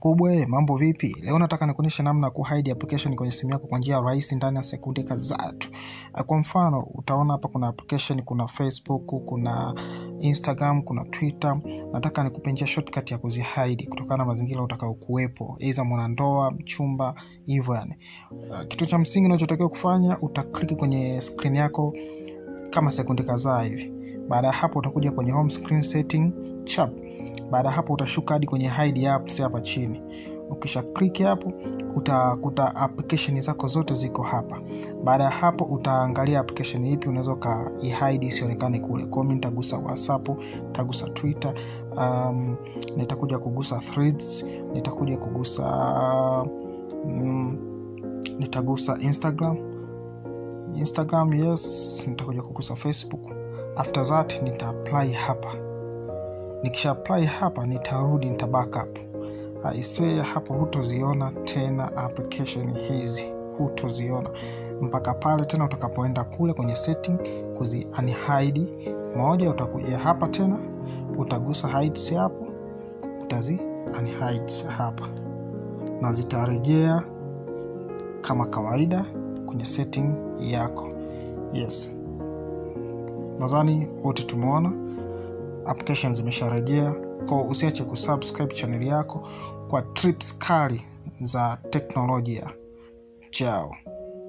Kubwe, mambo vipi? Leo nataka nikuonyeshe namna ya kuhide application kwenye simu yako kwa njia ya rahisi ndani ya sekunde kadhaa tu. Eh, kwa mfano, utaona hapa kuna application, kuna Facebook, kuna Instagram, kuna Twitter. Nataka nikupenjia shortcut ya kuzihide kutokana na mazingira utakayokuwepo, aidha mwanandoa, mchumba, hivyo yani. Eh, kitu cha msingi unachotakiwa kufanya, utakliki kwenye screen yako kama sekunde kadhaa hivi. Baada ya hapo utakuja kwenye home screen setting chap baada hapo utashuka hadi kwenye hide apps hapa chini. Ukisha click hapo utakuta application zako zote ziko hapa. Baada ya hapo utaangalia application ipi unaweza ka hide isionekane kule. Kwa mimi nitagusa WhatsApp, nitagusa Twitter, um, nitakuja kugusa Threads, nitakuja kugusa um, nitagusa Instagram. Instagram yes, nitakuja kugusa Facebook. After that nita apply hapa nikisha apply hapa nitarudi nita backup. Aisee, hapo hutoziona tena application hizi, hutoziona mpaka pale tena utakapoenda kule kwenye setting kuzi unhide moja. Utakuja hapa tena utagusa hides hapo, utazi unhide hapa na zitarejea kama kawaida kwenye setting yako. Yes, nadhani wote tumeona application zimesharejea kwa usiache kusubscribe channel yako kwa trips kali za teknolojia chao.